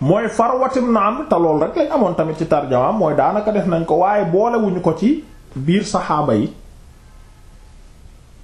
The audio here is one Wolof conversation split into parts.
mooy farwatim na am te loolu rek lañ amoon tamit ci tarjamaam mooy daanaka def nañ ko waaye boolewuñu ko ci biir saxaaba yi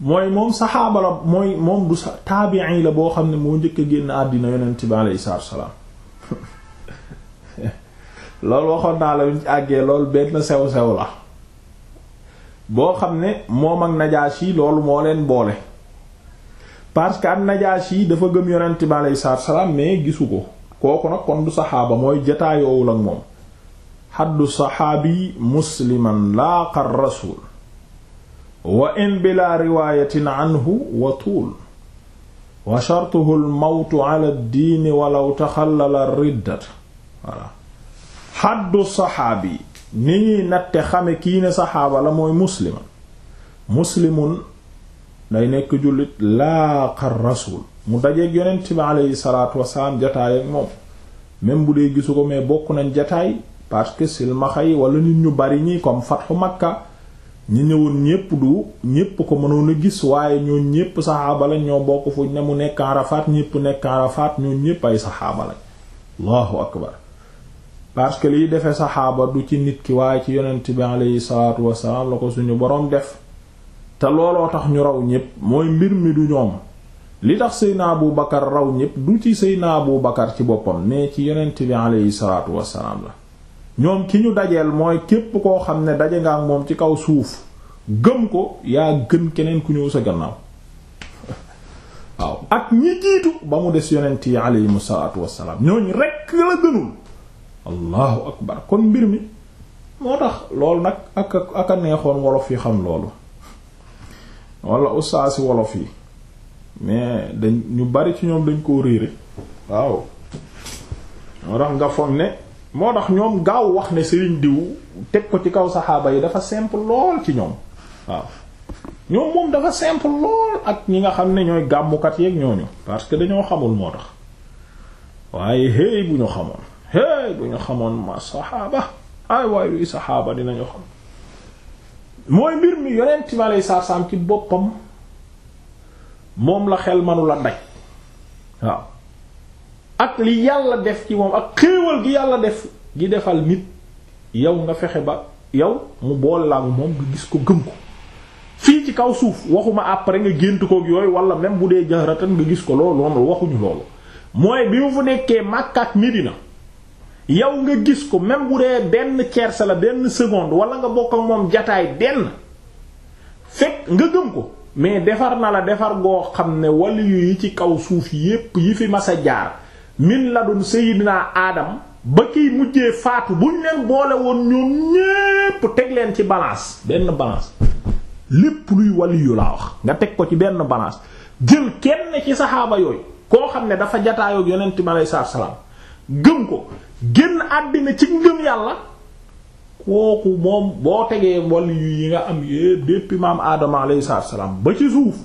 mooy moom saxaaba la mooy moom du sa taabi'i la boo xam ne moo njëkk a génn àddina yonent bi alayhi salaatu wassalaam loolu waxoon naa la ci àggee loolu sew sew la boo xam ne moom ak Najaashi loolu moo leen boole parce que am Najaashi dafa gëm yonent bi alayhi salaatu wassalaam mais gisu ko kooku nag kon du saxaaba mooy jataayoowul ak moom xaddu saxaabi musliman laaqa rasul wa in bila riwaayatin anhu wa tuul wa shartuhu al mawtu ala diini walaw taxallala riddat saxaaba la mooy musliman muslimun day nekk jullit laaqa rasul mu dajeeg yonent bi aleyhi salaatu wasalaam jataay ak moom même bu dee gisu ko mais bokk nañ jataay parce que silmaxa yi wala nit ñu bari ñi comme fatxu makka ñi ñëwoon ñépp du ñépp ko mënoon gis waaye ñoo ñépp saxaaba lañ ñoo bokk fuñ ne mu nekk Arafat ñépp nekk Arafat ñoo ñépp ay saxaaba lañ allahu akbar parce que liy defe saxaaba du ci nit ki waaye ci yonent bi aleyhi salaatu wasalaam la ko suñu borom def te looloo tax ñu raw ñépp mooy mbir mi du ñoom li tax Seydina Abu Bakar raw ñépp du ci Seydina Abu Bakar ci boppam mais ci yonent bi aleyhi salaatu wassalaam la ñoom ki ñu dajeel mooy képp koo xam ne daje nga ak moom ci kaw suuf gëm ko yaa gën keneen ku ñëw sa gannaaw waaw ak ñi jiitu ba mu des yonent yi aleyhimu salaatu wassalaam ñooñ rekk la gënul allahu akbar kon mbir mi moo tax loolu nag ak ak a neexoon wolof yi xam loolu walla si wolof yi mais dañ ñu bari ci ñoom dañ koo réere waaw moo tax nga foog ne moo tax ñoom gaaw wax ne sëriñ diw teg ko ci kaw saxaaba yi dafa simple lool ci ñoom waaw ñoom moom dafa simple lool ak ñi nga xam ne ñooy gàmmukat yeeg ñooñu parce que dañoo xamul moo tax waaye hey bu ñu xamoon hey bu ñu xamoon ma saxaaba ay waaye luy saxaaba dinañu xam mooy mbir mi yonent mi alayhi salaam ci boppam moom la xel manula ndaj waaw ak li yàlla def ci moom ak xéewal gi yàlla def gi defal nit yow nga fexe ba yow mu boole laa moom nga gis ko gëm ko fii ci kaw suuf waxuma après nga gént koog yooyu wala même bu dee jaxaratan nga gis ko loolu noonu waxuñu loolu mooy bi mu fu nekkee Makka ak Medina yow nga gis ko même bu dee benn tiers la benn seconde wala nga bokk moom jataay benn fekk nga gëm ko mais defar na la defar goo xam ne waliyu yi ci kaw suuf yépp yi fi mas a jaar min ladun sayyidina aadam ba kiy mujjee faatu buñ leen boole woon ñoom ñépp teg leen ci balance benn balance lépp luy waliyu laa wax nga teg ko ci benn balance jël kenn ci saxaaba yooyu koo xam ne dafa jataayoog yonent mi aleyhi salaatu wa salaam gëm ko génn àddina ci ngëm yàlla kooku moom boo tegee wàll yu yi nga am yépp depuis maam aadama alayhi salaam ba ci suuf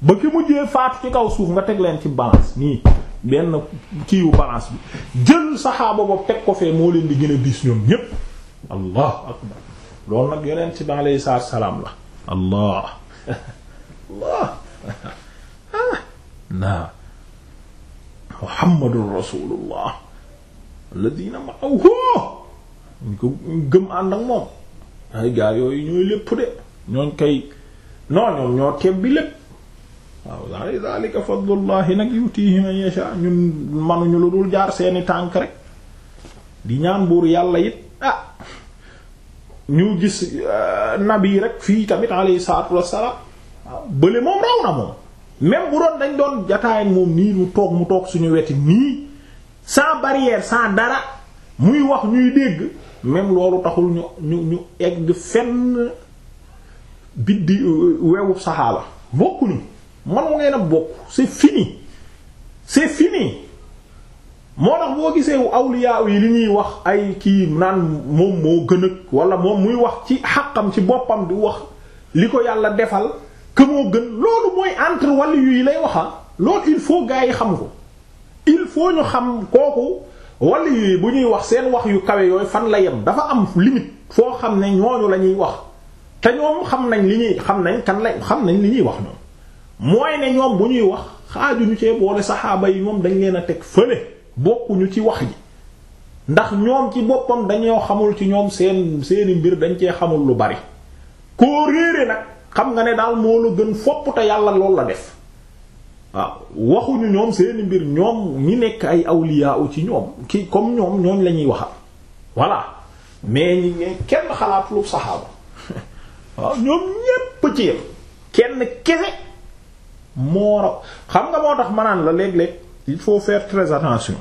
ba ki mujjee faatu ci kaw suuf nga teg leen ci balance nii benn kiiwu balance bi jël saxaaba boobu teg ko fee moo leen di gën a diis ñoom ñépp allahu akbar loolu nag yonent bi alayhi salaam la allah allah na muhammadur rasulullah alladina ñu ko gëm ànd ak moom ay gaa yooyu ñooy lépp de ñooñ kay non ñoo teeb bi lépp waaw daal daalika fadlullahi nag yutihi man yasha ñun manuñu lu dul jaar seeni tànk rek di ñaan buur yàlla it ah ñu gis euh, nabi rek fii tamit alayhi salaatu wassalaam waaw bële moom raw na moom même bu doon dañ doon jataay moom nii mu toog mu toog suñu weti nii sans barrière sans dara muy wax ñuy dégg même loolu taxul ñu ñu ñu egg fenn biddi euh, weewu saxaaba bokkuñu manu ngeen a bokk c'est fini c'est fini moo tax boo gisee awliya yi li ñuy wax ay kii naan moom moo gën ak wala moom muy wax ci xaqam ci boppam du wax li ko yàlla defal que moo gën loolu mooy entre wàllu yi lay waxa ah. loolu il faut gars yi xam ko il faut ñu xam kooku wala yooyu bu ñuy wax seen wax yu kawe yooyu fan la yem dafa am limite foo xam ne ñooñu lañuy wax te ñoom xam nañ li ñuy xam nañ kan la xam nañ li ñuy wax ñoom mooy ne ñoom bu ñuy wax xaajuñu cee boole saxaaba yi moom dañ leen a teg fële bokkuñu ci wax ji ndax ñoom ci boppam dañoo xamul ci ñoom seen seeni mbir dañ cee xamul lu bari koo réere nag xam nga ne daal moo la gën fopp te yàlla lool la def waaw waxuñu ñoom seeni mbir ñoom ñi nekk ay awliya u ci ñoom ki comme ñoom ñooñ la ñuy waxal voilà mais ñi ne kenn xalaatu lu saxaaba waaw ñoom ñépp ci yem kenn kese moo rab xam nga moo tax manaan la léeg-léeg il faut faire très attention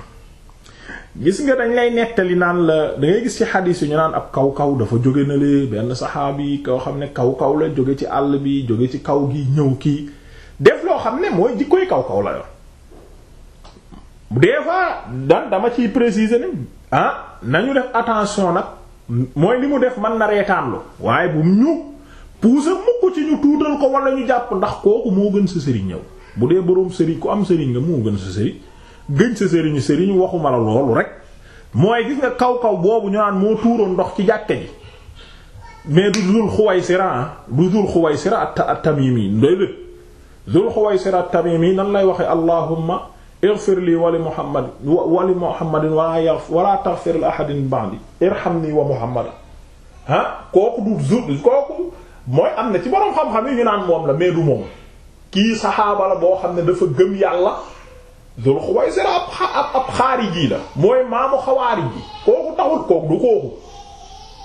gis nga dañ lay nettali naan la da ngay gis ci xadiis yi ñu naan ab kaw-kaw dafa jóge na lee benn saxaabi koo xam ne kaw-kaw la jóge ci àll bi jóge ci kaw gi ñëw kii def loo xam ne mooy jikkoy kaw kaw la yor des fois dan dama ciy préciser ne ah nañu def attention nag mooy li mu def mën na reetaanlu waaye bu ñu puusa mukk ci ñu tuutal ko wala ñu jàpp ndax kooku moo gën sa sëriñ ñëw bu dee boroom sëriñ ku am sëriñ nga moo gën sa sëriñ gën sa sëriñu sëriñ waxuma la loolu rek mooy gis nga kaw kaw boobu ñu naan moo tuuroon ndox ci jàkka ji mais du dul xuway sira ah, du dul xuway sira at tamimi doy Zul Xuwaysira at-Tamimi nan lay waxe allahumma ighfir li wa li Muhammad wa li Muhammadin wala taghfir li ahadin ba'di irhamni wa Muhammad ah kooku du zul kooku mooy am na ci boroom xam-xam yi ñu naan moom la mais du moom kii saxaaba la boo xam ne dafa gëm yàlla Zul Xuwaysira ab ab xaariji la mooy maamu xawaariji kooku taxul kooku du kooku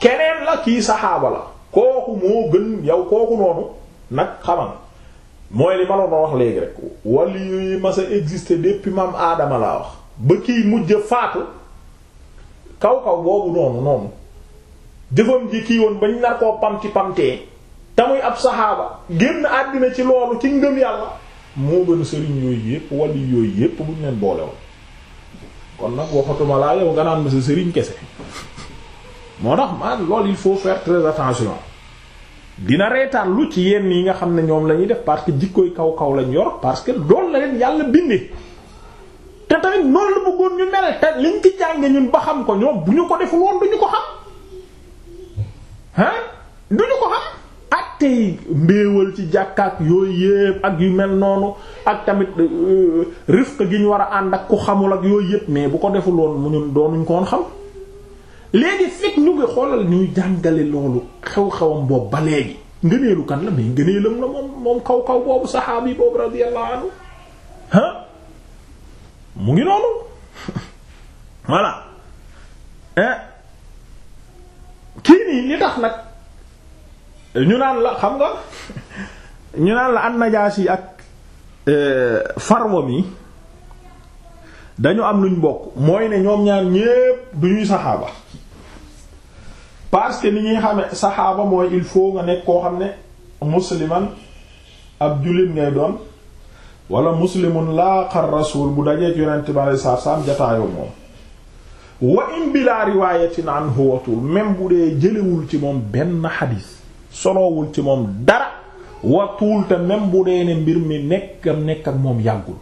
keneen la kii saxaaba la kooku moo gën yow kooku noonu nag xamal mooy li ma la wax léegi rek wàllu yooyu mas a existé depuis maam aadama laa wax ba kiy mujj faatu kaw kaw boobu noonu noonu jëfam ji kii woon bañ nar koo pamti pamtee te ab saxaaba génn àddina ci loolu ci ngëm yàlla moo gën sëriñ yooyu yépp wàllu yooyu yépp bu leen boole kon nag waxatuma laa yow nga naan ma sa sëriñ kese moo tax man loolu il faut faire très attention dina reetaan lu ci yenn yi nga xam ne ñoom la ñuy def parce que jikkoy kaw kaw lañ yor parce que doon la leen yàlla bindee te tamit noonu la bëggoon ñu mel te xam ko ñoom bu ñu ko deful woon duñu ci jàkkaak yooyu yëpp yu mel noonu ak tamit euh, rifq gi ñu war a ànd ak ku xamul ak yooyu yëpp mais bu ko deful woon mu ñun doonuñ ko xam léegi fekk ñu ngi xoolal ñuy jàngale loolu xew-xewam boobu ba léegi ngëneelu kan la mais ngëneelam la moom moom kaw kaw boobu saxaabi boobu radiyallahu anhu ah mu ngi noonu voilà eh? kii nii li tax nag ñu naan la xam nga ñu naan la an-Najaasi ak eh, Farwa mi dañu am luñ bokk mooy ne ñoom ñaar ñépp duñuy saxaaba parce que ni ñuy xamee saxaaba mooy il faut nga nekk koo xam ne musliman ab jullit ngay doon wala muslimun laaqar rasul bu dajee ci yonent bi alei satu salaam jataayoo moom wa in bila riwayatin anhu watul même bu dee jëlewul ci moom benn xadis soloowul ci moom dara watul te même bu dee ne mbir mi nekk nekk ak moom yàggul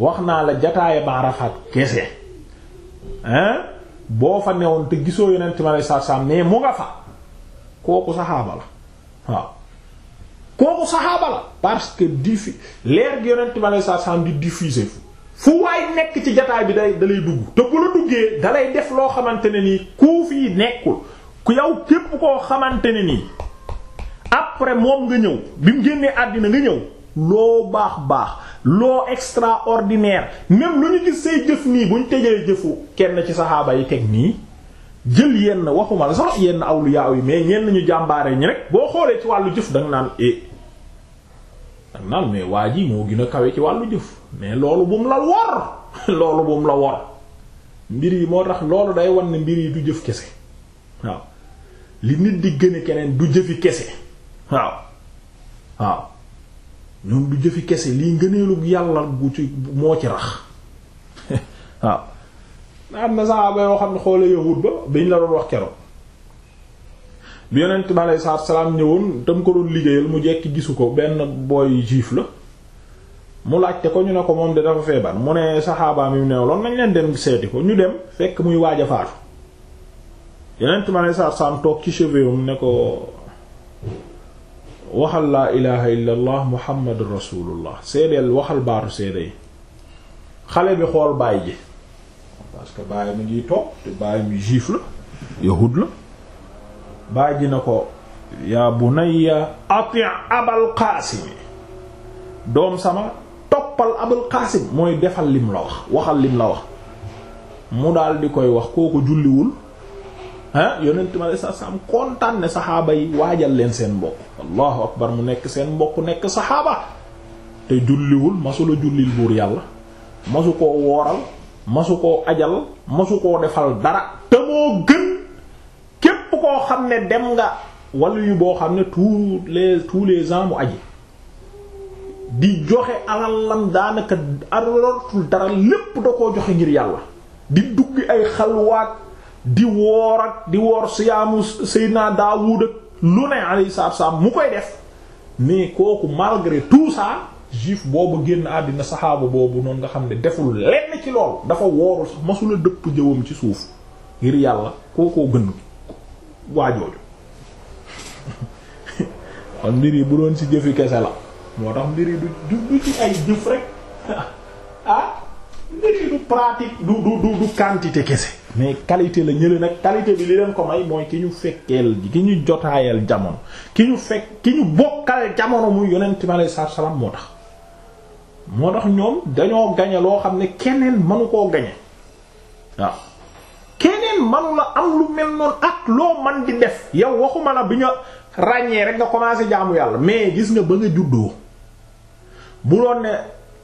wax naa la jataaya ba Arafat kese hein boo fa newoon te gisoo yonent ma lay sarsam mais mu nga fa kooku saxaaba la waaw kooku saxaaba la parce que diffu leer gi yonent ma lay sarsam di diffuser fu fu waay nekk ci jataay bi day dalay dugg te bu la duggee dalay def loo xamante ne nii ku fii nekkul ku yow képp koo xamante ne nii après moom nga ñëw bi mu génnee àddina nga ñëw loo baax baax loo extraordinaire même lu ñu gis say jëf nii bu ñu tëjee jëfu kenn ci saxaaba yi teg nii jël yenn waxuma la sax yenn yaaw yi mais ñenn ñu jàmbaare ñi rek boo xoolee ci wàllu jëf danga naan e danga naan mais waa ji moo gën a kawe ci wàllu jëf mais loolu bu mu la wor loolu bu mu la wor mbir yi moo tax loolu day wan mbir yi du jëf kese waaw li nit di gën a keneen du jëfi kese waaw waaw ñoom du jëfi kese lii ngëneelug yàlla gu ci moo ci rax waaw ah. am na saxaaba yoo xam ne xoola yahud ba biñ la doon wax keroog bi yonent bi aleyhi salaatu salaam ñëwoon tam ko doon liggéeyal mu jekki gisu ko benn booy juif la mu laajte ko ñu ne ko moom de dafa feebar mu ne saxaabaam yu neew loon nañ leen dem seeti ko ñu dem fekk muy waaj a faatu yonent bi aleyhi salaatu salaam toog ci chevet ne ko waxal laa ilaha illa allah rasulullah seedeel waxal baatu seede yi xale bi xool baay ji parce que baay mi ngiy toog te baay mi juif la yahud la baay ji na ko yaa bunayya ati abal qaasimi doom sama toppal abal qaasim mooy defal lim la wax waxal lim la wax mu daal di koy wax kooku julliwul ah yonent ma sa sam kontaan ne saxaaba yi waajal leen seen mbokk allahu akbar mu nekk seen mbokk nekk saxaaba te julliwul masula jullil buur yàlla masu koo wooral masu koo ajal masu koo defal dara te moo gën képp koo xam ne dem nga walla yu boo xam ne tous les tous les ans aji di joxe la daanaka arortul dara lépp da koo joxe ngir yàlla di duggi ay xalwaat di woor ak di woor siyaamu Seydina Daawud ak lu ne alayhi salaam mu koy def mais kooku malgré tout ça juif boobu génn àddina saxaaba boobu noonu nga xam ne deful lenn ci loolu dafa woorul sax masula dëpp jëwam ci suuf ngir yàlla kookoo gën waajooju kon mbir yi bu doon ci jëfi kese la moo tax mbir yi du du ci ay jëf rek ah mbir yi du pratique du du du quantité kese mais qualité la ñële nag qualité bi li leen ko may mooy ki ñu fekkeel ki ñu jotaayal jamono ki ñu fekk ki ñu bokkal jamono muy yonent bi aleyhi salaatu salaam moo tax moo tax ñoom dañoo gañe loo xam ne keneen mënu koo gañe waaw keneen manu la am lu mel noonu ak loo man di def yow waxuma na bi nga ràññee rek nga commencé jaamu yàlla mais gis nga ba nga juddoo bu doon ne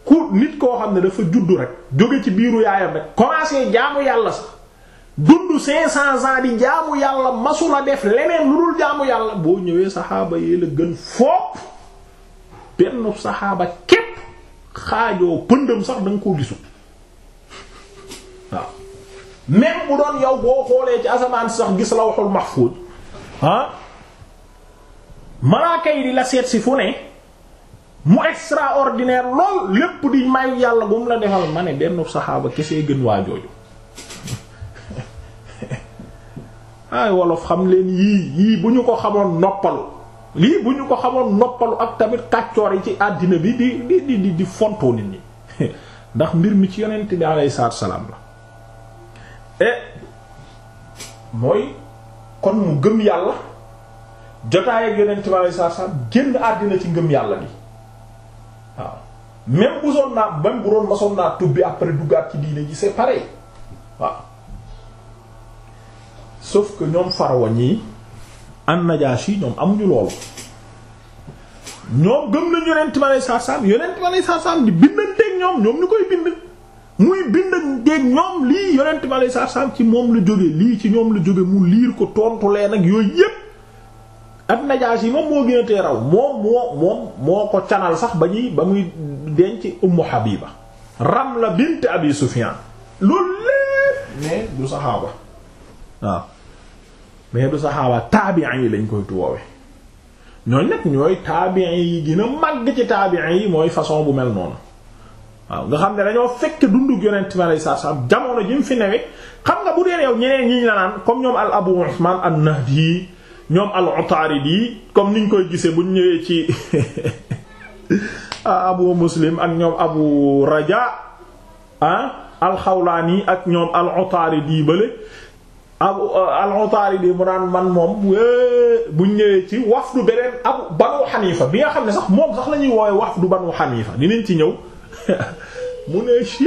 ku nit koo xam ne dafa juddu rek jóge ci biiru yaayam rek commencé jaamu yàlla dund cinq cents ans di jaamu yàlla masula def leneen lu dul jaamu yàlla boo ñëwee saxaaba yee la gën foop benn saxaaba képp xaajoo pëndam sax da nga koo gisu waaw même bu doon yow boo xoolee ci asamaan sax gis la waxul mahfuz ah malaaka yi di la seet si fu ne mu extraordinaire lool lépp di may yàlla bu mu la defal ma ne benn saxaaba kese gën waa jooju ay wolof xam leen yii yii bu ñu ko xamoon noppalu lii bu ñu ko xamoon noppalu ak tamit kàccoor yi ci àddina bi di di di di fontoo nit ñi ndax mbir mi ci yonent bi alayhi salaatu la e, mooy kon mu gëm yàlla jotaay ak yonent bi alayhi salaatu génn àddina ci ngëm yàlla bi waaw même bu soon naa même bu doon masoon naa tubbi après duggaat ci diine ji c'est pareil waaw sauf que ñoom Farwa ñii an yi ñoom amuñu loolu ñoom gëm nañu yonent ma lay sarsam yonent ma lay sarsam di bindanteeg ñoom ñoom ñu koy bind muy bindanteeg ñoom lii yonent ma sarsam ci moom la jóge lii ci ñoom la jóge mu liir ko tontu leen ak yooyu yépp ak yi moom moo gën a raw moom moo moom moo ko canal sax ba ñuy ba muy denc Ummu Habiba Ramla bint Abi Sufyan loolu lépp mais du saxaaba waaw mais du saxaaba taabiin yi lañ koy tuwoowe ñooñ nag ñooy taabiin yi gën a màgg ci taabiin yi mooy façon bu mel noonu waaw nga xam ne dañoo fekk dundug yonent bi alayhi salaam jamono ji mu fi newe xam nga bu dee yow ñeneen ñi ñu la naan comme ñoom al abu usman an nahdi ñoom al utarid yi comme niñ koy gisee buñ ñëwee ci abu muslim ak ñoom abu raja ah alxawlaani ak ñoom al utarid yi bële abu euh, al-Utaridi mu naan man moom buñ ñëwee ci wafdu beneen abu banu xanifa bi nga xam ne sax moom sax la ñuy woowe wafdu banu xanifa dinañ ci ñëw mu ne ch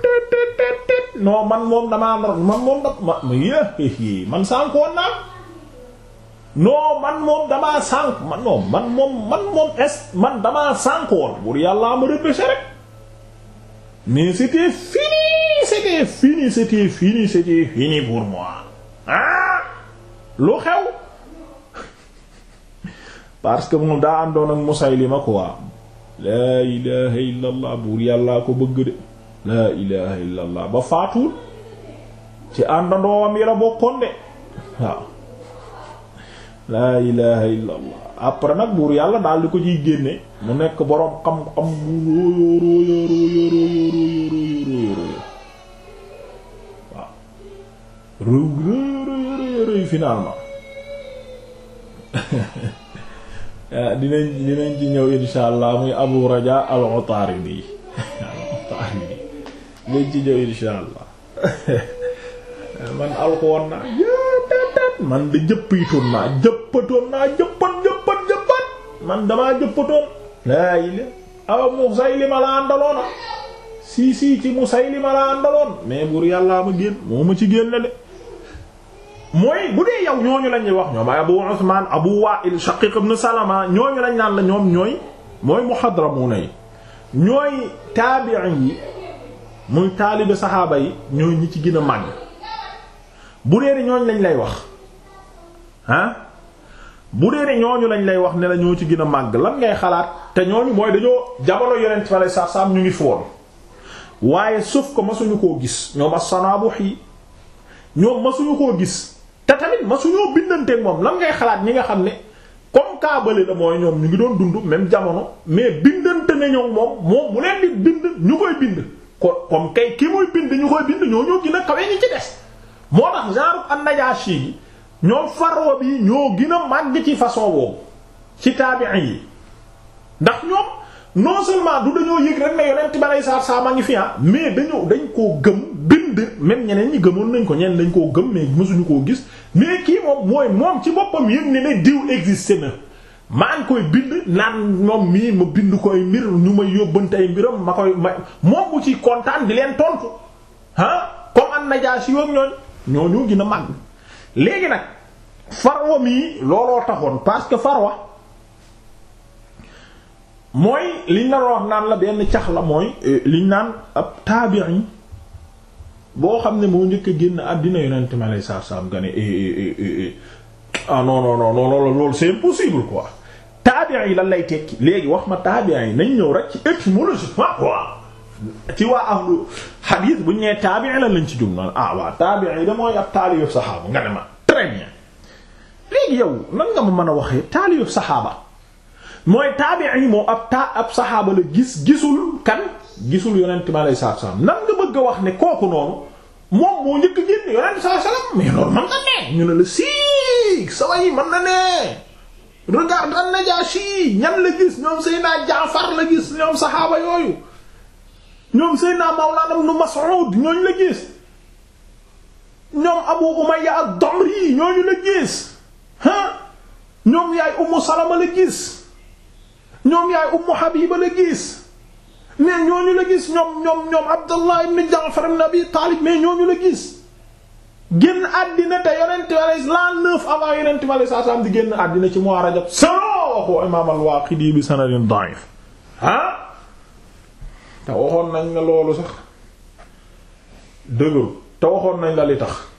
tet man moom damaa man moom dama yé man man moom damaa man moom man moom man moom est man damaa sànkoon buur yàllaa ma c'était lu xew parce que moom daa àndoon ak Musaylima quoi laa ilaha illa allah buur yàllaa ko bëgg de laa ilaha illa ba faatuwul ci àndandoowam yi la bokkoon de waaw laa ilaha illa après nag buur yàlla daal di ko ciy génne mu nekk boroom xam-xam rëw rëy rëy finalement ah, dinañ dinañ ci ñëw insha muy abu raja al-Utaridi al dinañ ci ñëw insha man alxoon naa jëppatat man de jëppitoon naa jëppatoon naa jëppat jëppat jëppat man damaa jëppatoon laa yi la awa Musaylima la àndaloona sii sii ci Musaylima la àndaloon mais buur yàllaa ma génn moo ci génn de mooy bu dee yow ñooñu lañuy wax ñoom ay Abu Usman Abu Wa'il Shaqiq ibn Salama ñooñu lañ naan la ñoom ñooy mooy muhadramuna yi ñooy taabi'in yi muy taalibe saxaaba yi ñooy ñi ci gën a màgg bu dee ñooñu lañ lay wax ah bu dee ñooñu lañ lay wax ne la ñoo ci gën a màgg lan ngay xalaat te ñooñu mooy dañoo jamono yonent fa lay sa saam ñu ngi foon waaye suuf ko masuñu koo gis ñoom as-Sanaabuhi ñoom masuñu koo gis. te tamit masuñoo bindanteeg moom lan ngay xalaat ñi nga xam ne comme kaa bële la mooy ñoom ñu ngi doon dund même jamono mais bindante ne ñoom moom moom mu leen di bind ñu koy bind kon comme kay ki muy bind ñu koy bind ñoo ñoo kawe ñi ci des moo tax genre an-Najashi yi ñoom faroo bi ñoo gën a ci façon boobu ci taabi'i yi ndax ñoom non seulement du dañoo yëg rek ne yonent bi alayhi salaatu wa salaam a ngi fi ah, mais dañoo dañ koo gëm bind même ñeneen ñi gëmoon nañ ko ñeneen dañ koo gëm mais mësuñu koo gis mais kii moom mooy moom ci boppam yëg ne ne diw existé na maa ngi koy bind naan moom mii ma bind koy mbir ñu may yóbbante ay mbiram ma koy ma moom mu ci kontaan di leen tontu ah comme am na si yoon ñooñ ñooñu gën a màgg léegi nag farwa mii looloo taxoon parce que farwa mooy liñ la wax naan la benn cax la mooy eh, liñ naan ab taabi'i boo xam ne moo njëkk a génn àddina yonent mi alayhi salaatu salaam nga ne eh, eh, eh, ah non non non non loolu c'est impossible yi lan lay tekki léegi wax ma taabi'i yi nañ ñëw rek ci étymologiquement quoi ci waa ahlu hadith bu ñu nee taabi'i lan lañ ci jum noonu ah waa taabi'i yi da mooy ab taaliyu saxaaba nga ne ma léegi yow nan nga ma mën a waxee taaliyu saxaaba mooy taabi'i yi moom ab ta ab saxaaba la gis gisul kan gisul yonent mi alayhi salaatu salaam nan nga wax ne kooku noonu. moom moo njëkk génn yonent saa salaam mais loolu man na ne ñu ne la sii sawa yi na ne regarde an-Najashi ñan la gis ñoom Seydina Jaafar la gis ñoom saxaaba yooyu ñoom Seydina Mawlana Ibn Mas'ud ñooñu la gis ñoom Abu Umayya ad-Damri ñooñu la gis ah ñoom yaay Ummu Salama la gis ñoom yaay Ummu Habiba la gis mais ñooñu la gis ñoom ñoom ñoom Abdallah ibn Jaafar ibn Abi Taalib mais ñooñu la gis génn àddina te yonent wala l'an neuf avant yonent wala saa saam di génn àddina ci mois Rajab solo waxu imaam al-Waaqidi bi sanadin da'if ah te waxoon nañ ne loolu sax dëgg te waxoon nañ la li tax